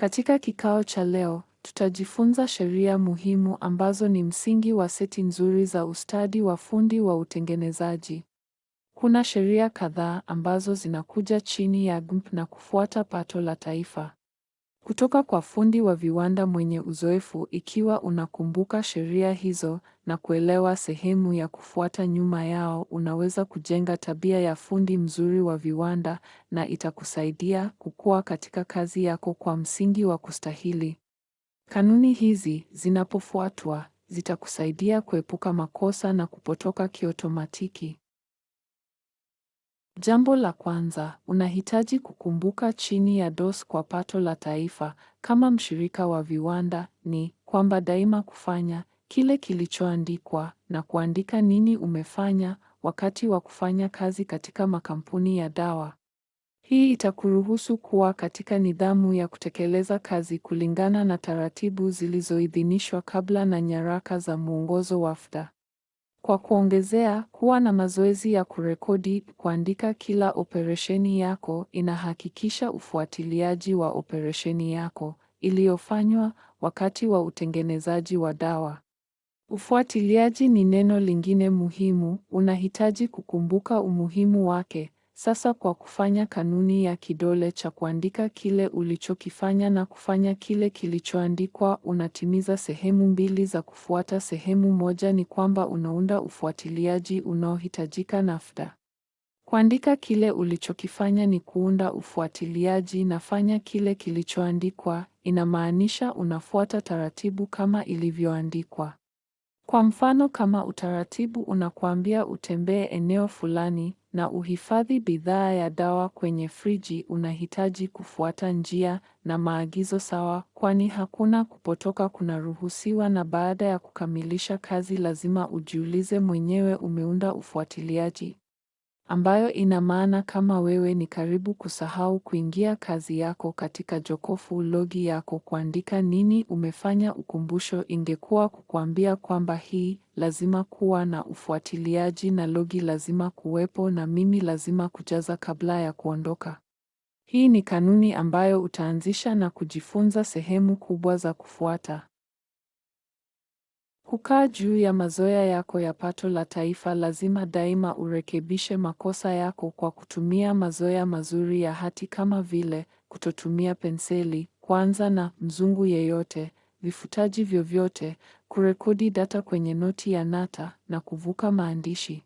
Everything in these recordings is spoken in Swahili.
Katika kikao cha leo, tutajifunza sheria muhimu ambazo ni msingi wa seti nzuri za ustadi wa fundi wa utengenezaji. Kuna sheria kadhaa ambazo zinakuja chini ya GMP na kufuata pato la taifa kutoka kwa fundi wa viwanda mwenye uzoefu ikiwa unakumbuka sheria hizo na kuelewa sehemu ya kufuata nyuma yao, unaweza kujenga tabia ya fundi mzuri wa viwanda na itakusaidia kukua katika kazi yako kwa msingi wa kustahili. Kanuni hizi zinapofuatwa, zitakusaidia kuepuka makosa na kupotoka kiotomatiki. Jambo la kwanza, unahitaji kukumbuka chini ya DOS kwa pato la taifa, kama mshirika wa viwanda, ni kwamba daima kufanya kile kilichoandikwa na kuandika nini umefanya wakati wa kufanya kazi katika makampuni ya dawa. Hii itakuruhusu kuwa katika nidhamu ya kutekeleza kazi kulingana na taratibu zilizoidhinishwa kabla na nyaraka za mwongozo wa kwa kuongezea, kuwa na mazoezi ya kurekodi kuandika kila operesheni yako inahakikisha ufuatiliaji wa operesheni yako iliyofanywa wakati wa utengenezaji wa dawa. Ufuatiliaji ni neno lingine muhimu, unahitaji kukumbuka umuhimu wake sasa kwa kufanya kanuni ya kidole cha kuandika kile ulichokifanya na kufanya kile kilichoandikwa, unatimiza sehemu mbili za kufuata. Sehemu moja ni kwamba unaunda ufuatiliaji unaohitajika NAFDA. Kuandika kile ulichokifanya ni kuunda ufuatiliaji, na fanya kile kilichoandikwa inamaanisha unafuata taratibu kama ilivyoandikwa. Kwa mfano, kama utaratibu unakuambia utembee eneo fulani, na uhifadhi bidhaa ya dawa kwenye friji unahitaji kufuata njia na maagizo sawa, kwani hakuna kupotoka kunaruhusiwa, na baada ya kukamilisha kazi lazima ujiulize mwenyewe umeunda ufuatiliaji ambayo ina maana kama wewe ni karibu kusahau kuingia kazi yako katika jokofu logi yako kuandika nini umefanya, ukumbusho ingekuwa kukuambia kwamba hii lazima kuwa na ufuatiliaji na logi lazima kuwepo na mimi lazima kujaza kabla ya kuondoka. Hii ni kanuni ambayo utaanzisha na kujifunza sehemu kubwa za kufuata. Kukaa juu ya mazoea yako ya pato la taifa lazima daima urekebishe makosa yako kwa kutumia mazoea mazuri ya hati kama vile kutotumia penseli kwanza na mzungu yeyote, vifutaji vyovyote, kurekodi data kwenye noti ya nata na kuvuka maandishi.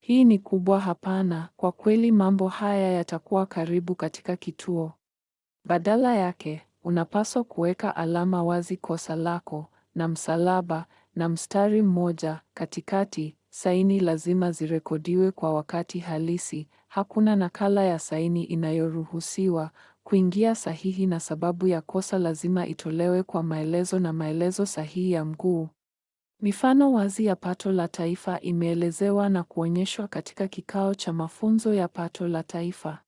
Hii ni kubwa hapana. Kwa kweli mambo haya yatakuwa karibu katika kituo. Badala yake, unapaswa kuweka alama wazi kosa lako na msalaba na mstari mmoja katikati, saini lazima zirekodiwe kwa wakati halisi. Hakuna nakala ya saini inayoruhusiwa kuingia sahihi, na sababu ya kosa lazima itolewe kwa maelezo na maelezo sahihi ya mguu. Mifano wazi ya pato la taifa imeelezewa na kuonyeshwa katika kikao cha mafunzo ya pato la taifa.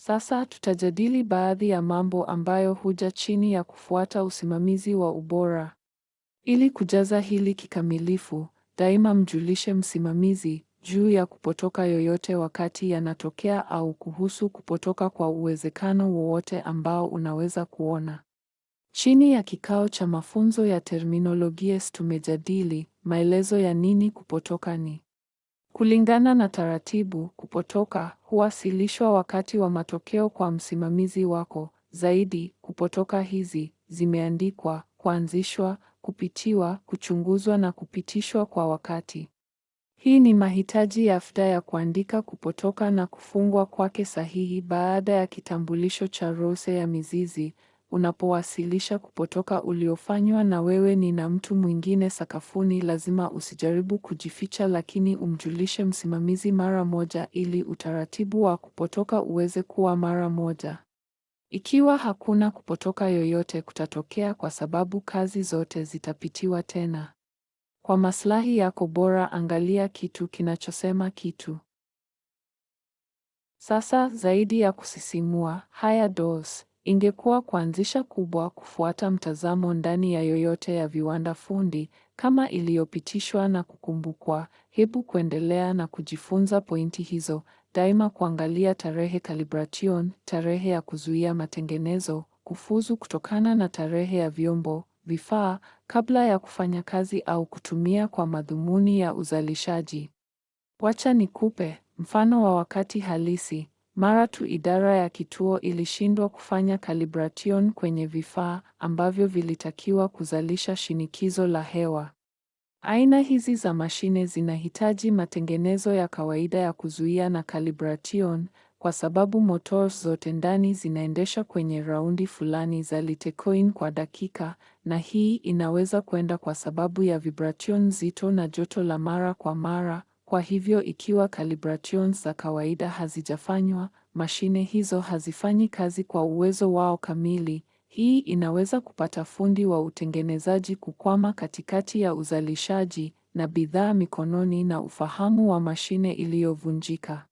Sasa tutajadili baadhi ya mambo ambayo huja chini ya kufuata usimamizi wa ubora. Ili kujaza hili kikamilifu, daima mjulishe msimamizi juu ya kupotoka yoyote wakati yanatokea au kuhusu kupotoka kwa uwezekano wowote ambao unaweza kuona. Chini ya kikao cha mafunzo ya Terminologies tumejadili maelezo ya nini kupotoka ni. Kulingana na taratibu, kupotoka huwasilishwa wakati wa matokeo kwa msimamizi wako. Zaidi, kupotoka hizi zimeandikwa, kuanzishwa, kupitiwa, kuchunguzwa na kupitishwa kwa wakati. Hii ni mahitaji ya FDA ya kuandika kupotoka na kufungwa kwake sahihi baada ya kitambulisho cha rose ya mizizi unapowasilisha kupotoka uliofanywa na wewe ni na mtu mwingine sakafuni. Lazima usijaribu kujificha, lakini umjulishe msimamizi mara moja ili utaratibu wa kupotoka uweze kuwa mara moja. Ikiwa hakuna kupotoka yoyote kutatokea kwa sababu kazi zote zitapitiwa tena. Kwa maslahi yako bora angalia kitu kinachosema kitu. Sasa zaidi ya kusisimua, Higher Dose ingekuwa kuanzisha kubwa kufuata mtazamo ndani ya yoyote ya viwanda fundi kama iliyopitishwa na kukumbukwa. Hebu kuendelea na kujifunza pointi hizo. Daima kuangalia tarehe calibration, tarehe ya kuzuia matengenezo, kufuzu kutokana na tarehe ya vyombo, vifaa kabla ya kufanya kazi au kutumia kwa madhumuni ya uzalishaji. Wacha nikupe mfano wa wakati halisi. Mara tu idara ya kituo ilishindwa kufanya calibration kwenye vifaa ambavyo vilitakiwa kuzalisha shinikizo la hewa. Aina hizi za mashine zinahitaji matengenezo ya kawaida ya kuzuia na calibration kwa sababu motors zote ndani zinaendesha kwenye raundi fulani za litecoin kwa dakika, na hii inaweza kwenda kwa sababu ya vibration zito na joto la mara kwa mara. Kwa hivyo ikiwa calibrations za kawaida hazijafanywa, mashine hizo hazifanyi kazi kwa uwezo wao kamili. Hii inaweza kupata fundi wa utengenezaji kukwama katikati ya uzalishaji na bidhaa mikononi na ufahamu wa mashine iliyovunjika.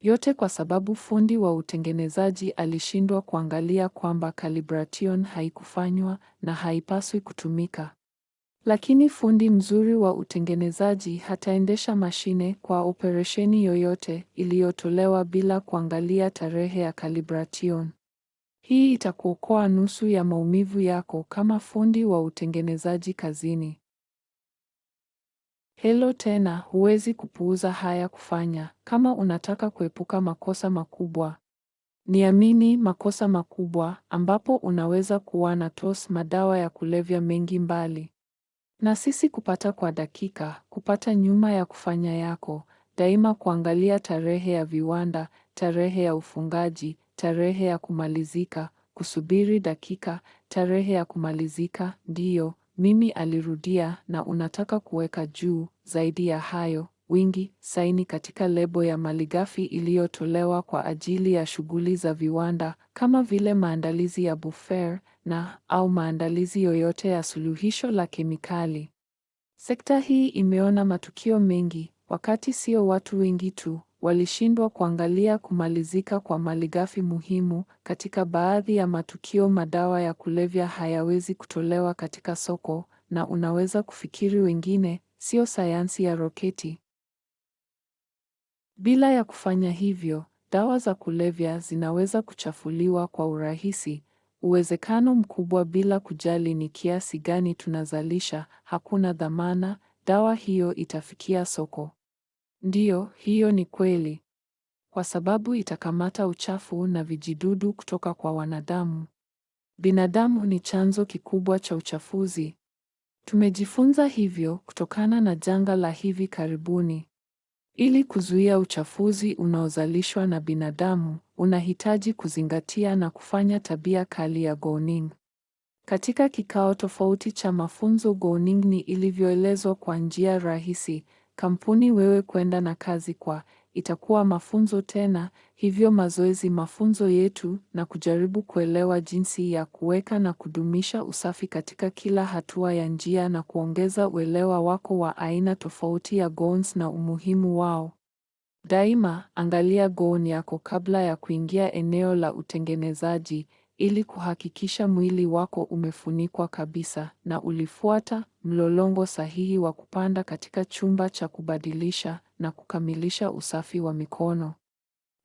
Yote kwa sababu fundi wa utengenezaji alishindwa kuangalia kwamba calibration haikufanywa na haipaswi kutumika. Lakini fundi mzuri wa utengenezaji hataendesha mashine kwa operesheni yoyote iliyotolewa bila kuangalia tarehe ya calibration. Hii itakuokoa nusu ya maumivu yako kama fundi wa utengenezaji kazini. Helo tena, huwezi kupuuza haya kufanya kama unataka kuepuka makosa makubwa. Niamini, makosa makubwa ambapo unaweza kuwa na tos, madawa ya kulevya mengi mbali na sisi, kupata kwa dakika, kupata nyuma ya kufanya yako, daima kuangalia tarehe ya viwanda, tarehe ya ufungaji, tarehe ya kumalizika, kusubiri dakika, tarehe ya kumalizika, ndiyo, mimi alirudia, na unataka kuweka juu zaidi ya hayo wingi saini katika lebo ya malighafi iliyotolewa kwa ajili ya shughuli za viwanda kama vile maandalizi ya bufer na au maandalizi yoyote ya suluhisho la kemikali. Sekta hii imeona matukio mengi, wakati sio watu wengi tu walishindwa kuangalia kumalizika kwa malighafi muhimu. Katika baadhi ya matukio, madawa ya kulevya hayawezi kutolewa katika soko, na unaweza kufikiri wengine, sio sayansi ya roketi. Bila ya kufanya hivyo, dawa za kulevya zinaweza kuchafuliwa kwa urahisi. Uwezekano mkubwa, bila kujali ni kiasi gani tunazalisha, hakuna dhamana dawa hiyo itafikia soko. Ndiyo, hiyo ni kweli, kwa sababu itakamata uchafu na vijidudu kutoka kwa wanadamu. Binadamu ni chanzo kikubwa cha uchafuzi. Tumejifunza hivyo kutokana na janga la hivi karibuni. Ili kuzuia uchafuzi unaozalishwa na binadamu, unahitaji kuzingatia na kufanya tabia kali ya Gowning. Katika kikao tofauti cha mafunzo Gowning ni ilivyoelezwa kwa njia rahisi, kampuni wewe kwenda na kazi kwa itakuwa mafunzo tena, hivyo mazoezi mafunzo yetu na kujaribu kuelewa jinsi ya kuweka na kudumisha usafi katika kila hatua ya njia na kuongeza uelewa wako wa aina tofauti ya gowns na umuhimu wao. Daima angalia gown yako kabla ya kuingia eneo la utengenezaji ili kuhakikisha mwili wako umefunikwa kabisa na ulifuata mlolongo sahihi wa kupanda katika chumba cha kubadilisha na kukamilisha usafi wa mikono.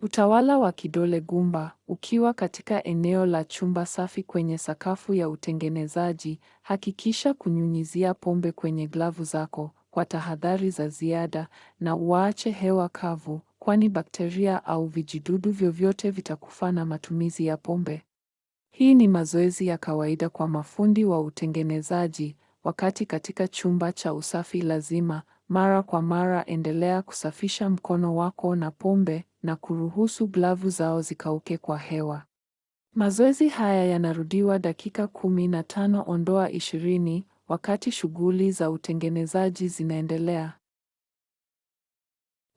Utawala wa kidole gumba ukiwa katika eneo la chumba safi kwenye sakafu ya utengenezaji, hakikisha kunyunyizia pombe kwenye glavu zako kwa tahadhari za ziada na uache hewa kavu, kwani bakteria au vijidudu vyovyote vitakufa na matumizi ya pombe. Hii ni mazoezi ya kawaida kwa mafundi wa utengenezaji, Wakati katika chumba cha usafi lazima mara kwa mara endelea kusafisha mkono wako na pombe na kuruhusu glavu zao zikauke kwa hewa. Mazoezi haya yanarudiwa dakika 15 ondoa 20 wakati shughuli za utengenezaji zinaendelea.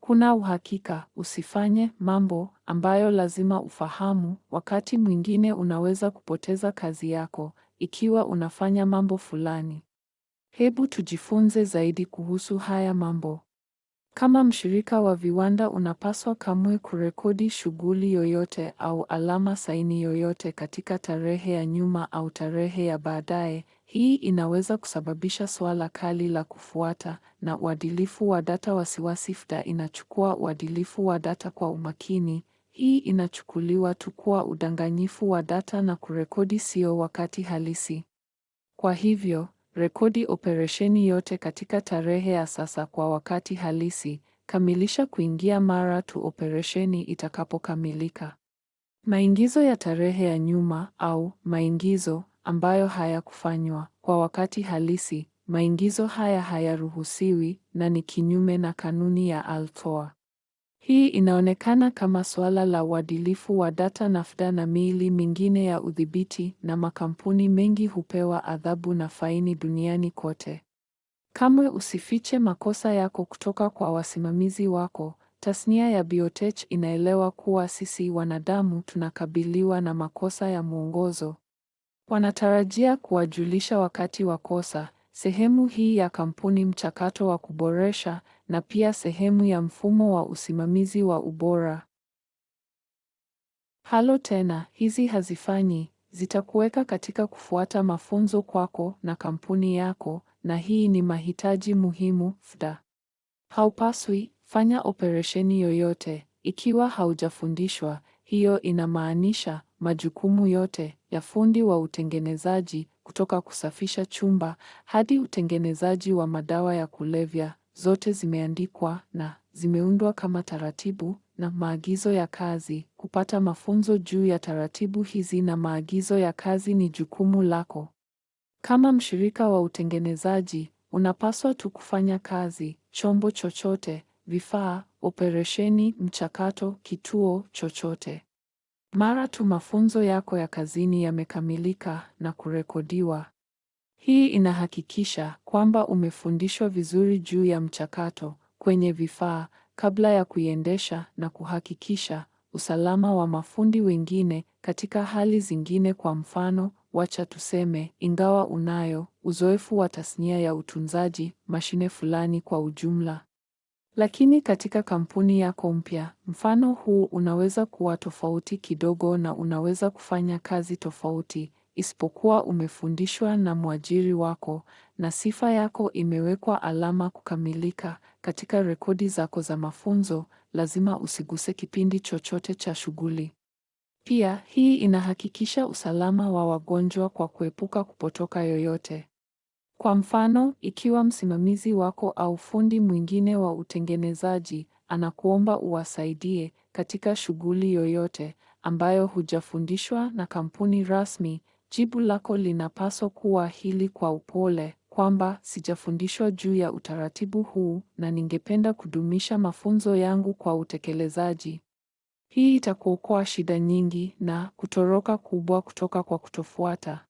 Kuna uhakika usifanye mambo ambayo lazima ufahamu. Wakati mwingine unaweza kupoteza kazi yako ikiwa unafanya mambo fulani. Hebu tujifunze zaidi kuhusu haya mambo. Kama mshirika wa viwanda, unapaswa kamwe kurekodi shughuli yoyote au alama saini yoyote katika tarehe ya nyuma au tarehe ya baadaye. Hii inaweza kusababisha swala kali la kufuata, na uadilifu wa data. Wasiwasifda inachukua uadilifu wa data kwa umakini. Hii inachukuliwa tu kuwa udanganyifu wa data na kurekodi sio wakati halisi. Kwa hivyo Rekodi operesheni yote katika tarehe ya sasa kwa wakati halisi. Kamilisha kuingia mara tu operesheni itakapokamilika. Maingizo ya tarehe ya nyuma au maingizo ambayo hayakufanywa kwa wakati halisi. Maingizo haya hayaruhusiwi na ni kinyume na kanuni ya Altoa. Hii inaonekana kama suala la uadilifu wa data NAFDA na miili mingine ya udhibiti, na makampuni mengi hupewa adhabu na faini duniani kote. Kamwe usifiche makosa yako kutoka kwa wasimamizi wako. Tasnia ya biotech inaelewa kuwa sisi wanadamu tunakabiliwa na makosa ya mwongozo. Wanatarajia kuwajulisha wakati wa kosa, Sehemu hii ya kampuni mchakato wa kuboresha na pia sehemu ya mfumo wa usimamizi wa ubora. Halo tena, hizi hazifanyi, zitakuweka katika kufuata mafunzo kwako na kampuni yako, na hii ni mahitaji muhimu FDA. Haupaswi fanya operesheni yoyote ikiwa haujafundishwa. Hiyo inamaanisha majukumu yote ya fundi wa utengenezaji kutoka kusafisha chumba hadi utengenezaji wa madawa ya kulevya, zote zimeandikwa na zimeundwa kama taratibu na maagizo ya kazi. Kupata mafunzo juu ya taratibu hizi na maagizo ya kazi ni jukumu lako. Kama mshirika wa utengenezaji, unapaswa tu kufanya kazi, chombo chochote, vifaa, operesheni, mchakato, kituo chochote mara tu mafunzo yako ya kazini yamekamilika na kurekodiwa. Hii inahakikisha kwamba umefundishwa vizuri juu ya mchakato kwenye vifaa kabla ya kuiendesha na kuhakikisha usalama wa mafundi wengine katika hali zingine. Kwa mfano, wacha tuseme, ingawa unayo uzoefu wa tasnia ya utunzaji mashine fulani kwa ujumla, lakini katika kampuni yako mpya, mfano huu unaweza kuwa tofauti kidogo na unaweza kufanya kazi tofauti isipokuwa umefundishwa na mwajiri wako na sifa yako imewekwa alama kukamilika. Katika rekodi zako za mafunzo, lazima usiguse kipindi chochote cha shughuli. Pia, hii inahakikisha usalama wa wagonjwa kwa kuepuka kupotoka yoyote. Kwa mfano, ikiwa msimamizi wako au fundi mwingine wa utengenezaji anakuomba uwasaidie katika shughuli yoyote ambayo hujafundishwa na kampuni rasmi, jibu lako linapaswa kuwa hili kwa upole kwamba sijafundishwa juu ya utaratibu huu na ningependa kudumisha mafunzo yangu kwa utekelezaji. Hii itakuokoa shida nyingi na kutoroka kubwa kutoka kwa kutofuata.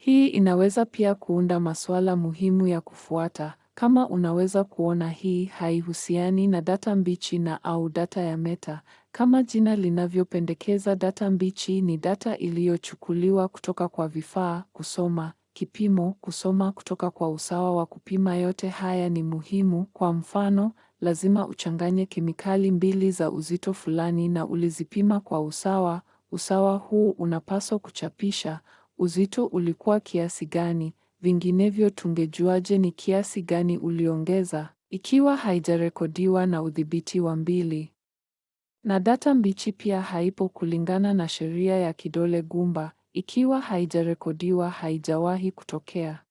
Hii inaweza pia kuunda masuala muhimu ya kufuata. Kama unaweza kuona, hii haihusiani na data mbichi na au data ya meta. Kama jina linavyopendekeza, data mbichi ni data iliyochukuliwa kutoka kwa vifaa, kusoma kipimo, kusoma kutoka kwa usawa wa kupima. Yote haya ni muhimu. Kwa mfano, lazima uchanganye kemikali mbili za uzito fulani na ulizipima kwa usawa. Usawa huu unapaswa kuchapisha uzito ulikuwa kiasi gani, vinginevyo tungejuaje ni kiasi gani uliongeza ikiwa haijarekodiwa na udhibiti wa mbili. Na data mbichi pia haipo kulingana na sheria ya kidole gumba, ikiwa haijarekodiwa haijawahi kutokea.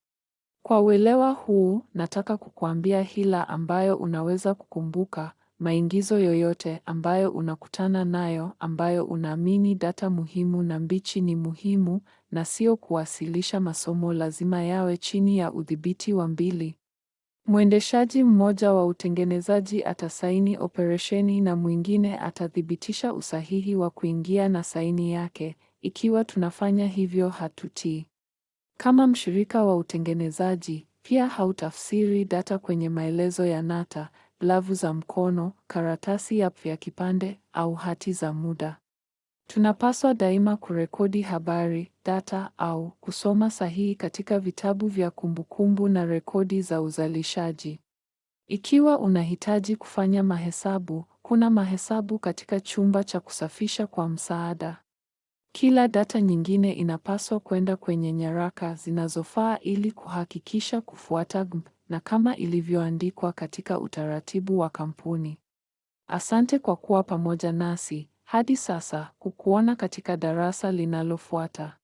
Kwa uelewa huu, nataka kukuambia hila ambayo unaweza kukumbuka Maingizo yoyote ambayo unakutana nayo ambayo unaamini data muhimu na mbichi ni muhimu na sio kuwasilisha masomo lazima yawe chini ya udhibiti wa mbili. Mwendeshaji mmoja wa utengenezaji atasaini operesheni na mwingine atathibitisha usahihi wa kuingia na saini yake. Ikiwa tunafanya hivyo, hatutii. Kama mshirika wa utengenezaji, pia hautafsiri data kwenye maelezo ya NATA glavu za mkono, karatasi ya ya kipande au hati za muda. Tunapaswa daima kurekodi habari, data au kusoma sahihi katika vitabu vya kumbukumbu na rekodi za uzalishaji. Ikiwa unahitaji kufanya mahesabu, kuna mahesabu katika chumba cha kusafisha kwa msaada. Kila data nyingine inapaswa kwenda kwenye nyaraka zinazofaa ili kuhakikisha kufuata na kama ilivyoandikwa katika utaratibu wa kampuni. Asante kwa kuwa pamoja nasi hadi sasa. Kukuona katika darasa linalofuata.